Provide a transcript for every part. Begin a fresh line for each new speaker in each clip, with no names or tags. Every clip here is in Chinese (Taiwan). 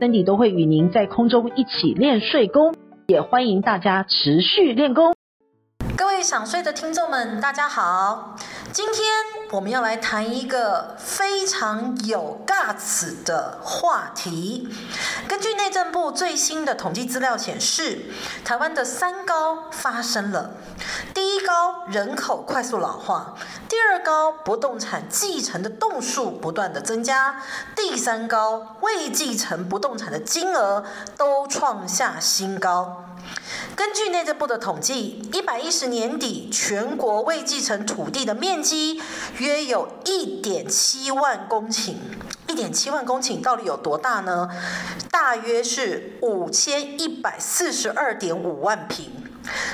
身體都會與您在空中一起練睡功，也歡迎大家持續練功。想睡的聽眾們，大家好。今天我們要來談一個非常有 GUTS 的話題。根據內政部最新的統計資料顯示，台灣的三高發生了：第一高人口快速老化；第二高不動產繼承的棟數不斷的增加；第三高未繼承不動產的金額都創下新高。根據內政部的統計，一百一十年底全國未繼承土地的面積約有一點七萬公頃。一點七萬公頃到底有多大呢？大約是五千一百四十二點五萬平，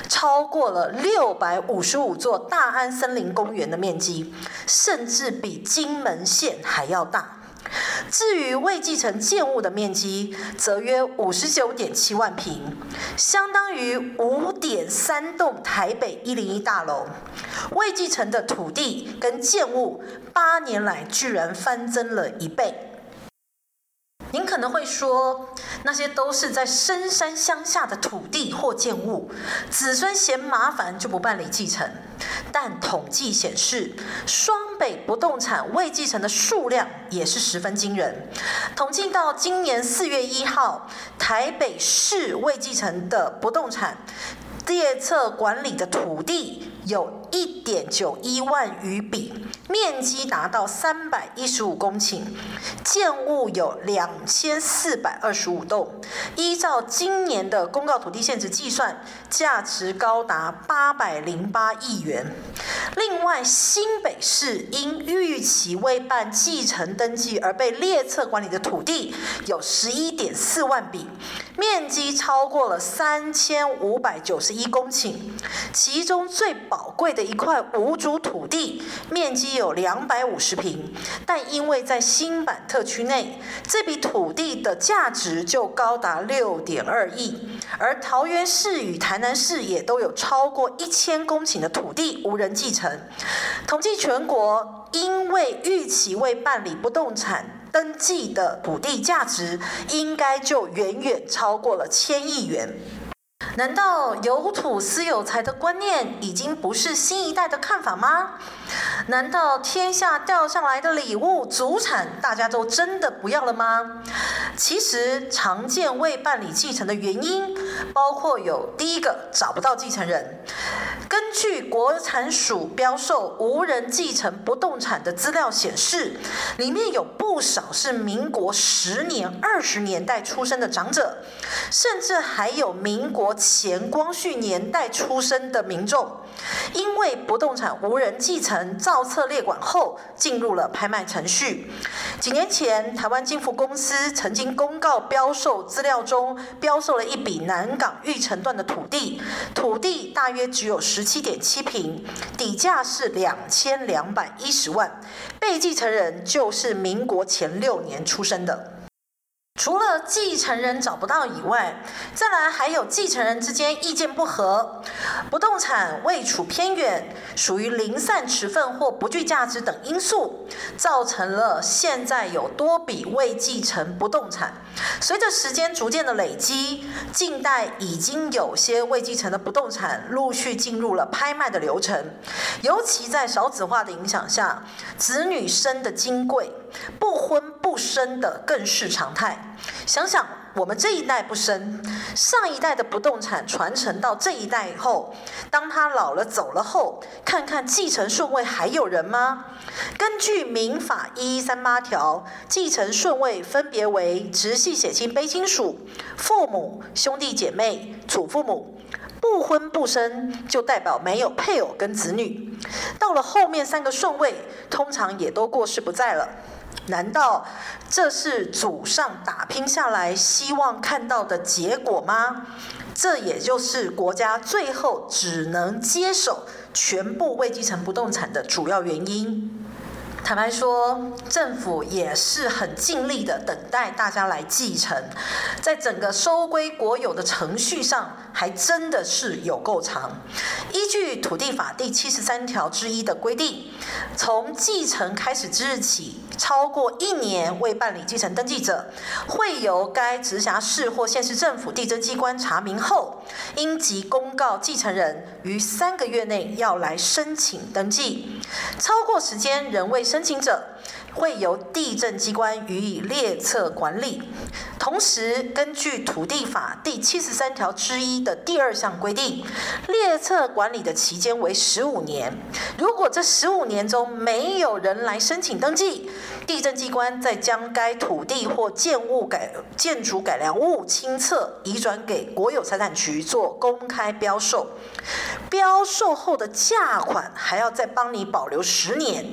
超過了六百五十五座大安森林公園的面積，甚至比金門縣還要大。至於未繼承建物的面積，則約五十九點七萬平，相當於五點三棟台北一零一大樓。未繼承的土地跟建物，八年來居然翻增了一倍。您可能會說，那些都是在深山鄉下的土地或建物，子孫嫌麻煩就不辦理繼承。但統計顯示，雙。北不動產未繼承的數量也是十分驚人。統計到今年四月一號，台北市未繼承的不動產列冊管理的土地有一點九一萬餘筆。面積達到三百一十五公頃，建物有兩千四百二十五棟，依照今年的公告土地限制計算，價值高達八百零八億元。另外，新北市因逾期未辦繼承登記而被列冊管理的土地有十一點四萬筆。面積超過了三千五百九十一公頃，其中最寶貴的一塊無主土地面積有兩百五十平，但因為在新版特區內，這筆土地的價值就高達六點二億。而桃園市與台南市也都有超過一千公頃的土地無人繼承。統計全國，因為預期未辦理不動產。登記的土地價值應該就遠遠超過了千億元。難道有土斯有財的觀念已經不是新一代的看法嗎？難道天下掉下來的禮物，祖產大家都真的不要了嗎？其實，常見未辦理繼承的原因，包括有第一個找不到繼承人。根據國產署標售，無人繼承不動產的資料顯示，裡面有不少是民國十年、二十年代出生的長者，甚至還有民國前光緒年代出生的民眾。因為不動產無人繼承，造冊列管後進入了拍賣程序。幾年前，台灣金服公司曾經公告標售資料中標售了一筆南港玉成段的土地，土地大約只有十七點七坪，底價是兩千兩百一十萬，被繼承人就是民國前六年出生的。除了繼承人找不到以外，再來還有繼承人之間意見不合，不動產位處偏遠，屬於零散持分或不具價值等因素，造成了現在有多筆未繼承不動產。隨着時間逐漸的累積，近代已經有些未繼承的不動產陸續進入了拍賣的流程。尤其在少子化的影響下，子女生的金貴，不婚。生的更是常態。想想我們這一代不生，上一代的不動產傳承到這一代以後，當他老了走了後，看看繼承順位還有人嗎？根據民法一一三八條，繼承順位分別為直系血親卑親屬、父母、兄弟姐妹、祖父母。不婚不生，就代表沒有配偶跟子女。到了後面三個順位，通常也都過世不在了。難道這是祖上打拼下來希望看到的結果嗎？這也就是國家最後只能接手全部未繼承不動產的主要原因。坦白說，政府也是很盡力的等待大家來繼承，在整個收歸國有的程序上，還真的是有夠長。依據《土地法》第七十三條之一的規定，從繼承開始之日起，超過一年未辦理繼承登記者，會由該直轄市或縣市政府地政機關查明後，應即公告繼承人於三個月內要來申請登記。超過時間仍未申請者，會由地政機關予以列冊管理，同時根據土地法第七十三條之一的第二項規定，列冊管理的期間為十五年。如果這十五年中沒有人來申請登記。地政機關再將該土地或建物改建築改良物清冊移轉給國有財產局做公開標售，標售後的價款還要再幫你保留十年，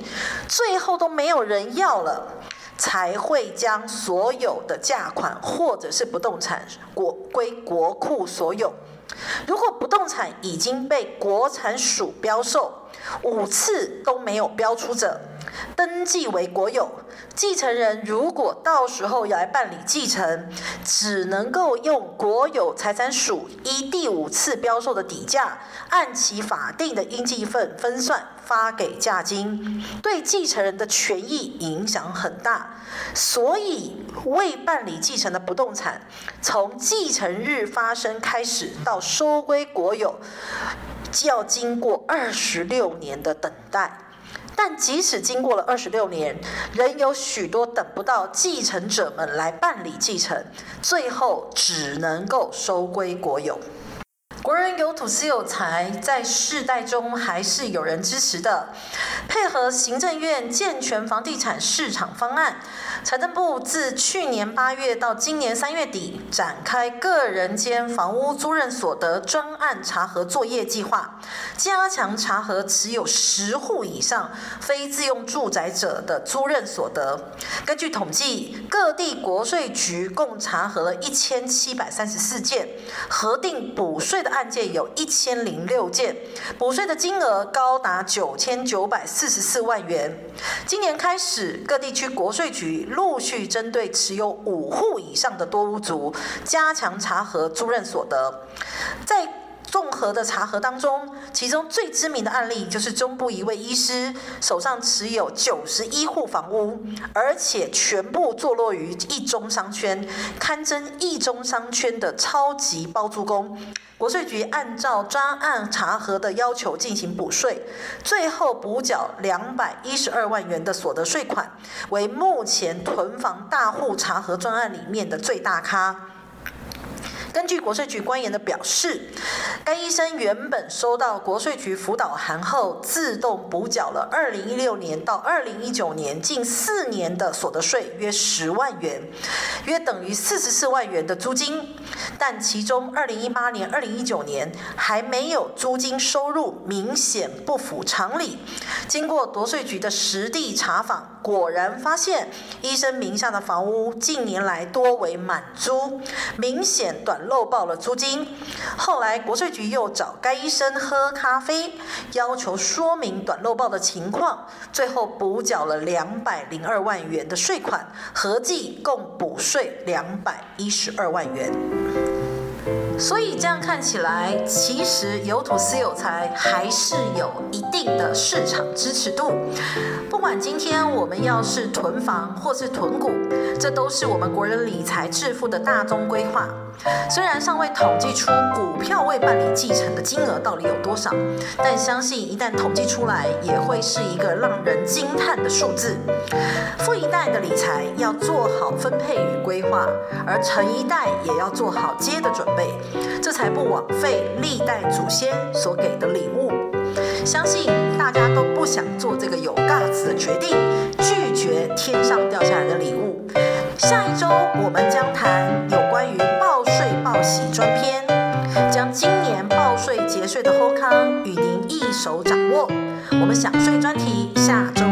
最後都沒有人要了，才會將所有的價款或者是不動產國歸國庫所有。如果不動產已經被國產署標售五次都沒有標出者，登記為國有，繼承人如果到時候要來辦理繼承，只能夠用國有財產署依第五次標售的底價，按其法定的應繼份分算發給價金，對繼承人的權益影響很大。所以未辦理繼承的不動產，從繼承日發生開始到收歸國有，就要經過二十六年的等待。但即使經過了二十六年，仍有許多等不到繼承者們來辦理繼承，最後只能夠收歸國有。國人有土斯有財，在世代中還是有人支持的。配合行政院健全房地產市場方案，財政部自去年八月到今年三月底，展開個人間房屋租賃所得專案查核作業計劃，加強查核持有十戶以上非自用住宅者的租賃所得。根據統計，各地國稅局共查核了一千七百三十四件，核定補稅的。案件有一千零六件，補稅的金額高達九千九百四十四萬元。今年開始，各地區國稅局陸續針對持有五戶以上的多屋族，加強查核租賃所得。在綜合的查核當中，其中最知名的案例就是中部一位醫師手上持有九十一戶房屋，而且全部坐落於一中商圈，堪稱一中商圈的超級包租公。國稅局按照專案查核的要求進行補稅，最後補繳兩百一十二萬元的所得稅款，為目前囤房大戶查核專案裡面的最大咖。根據國稅局官員的表示，該醫生原本收到國稅局輔導函後，自動補繳了2016年到2019年近四年的所得稅約十萬元，約等於四十四萬元的租金。但其中2018年、2019年還沒有租金收入，明顯不符常理。經過國稅局的實地查訪，果然發現，醫生名下的房屋近年來多為滿租，明顯短漏報了租金。後來國稅局又找該醫生喝咖啡，要求說明短漏報的情況，最後補繳了兩百零二萬元的稅款，合計共補稅兩百一十二萬元。所以這樣看起來，其實有土斯有財還是有一定的市場支持度。不管今天我們要是囤房或是囤股，這都是我們國人理財致富的大宗規劃。雖然尚未統計出股票未辦理繼承的金額到底有多少，但相信一旦統計出來，也會是一個讓人驚嘆的數字。富一代的理財要做好分配與規劃，而成一代也要做好接的準備，這才不枉費歷代祖先所給的禮物。相信大家都不想做這個有 GUTS 的決定，拒絕天上掉下來的禮物。下一周我們將談有。專篇，將今年報稅節稅的好康與您一手掌握。我們享稅專題下周。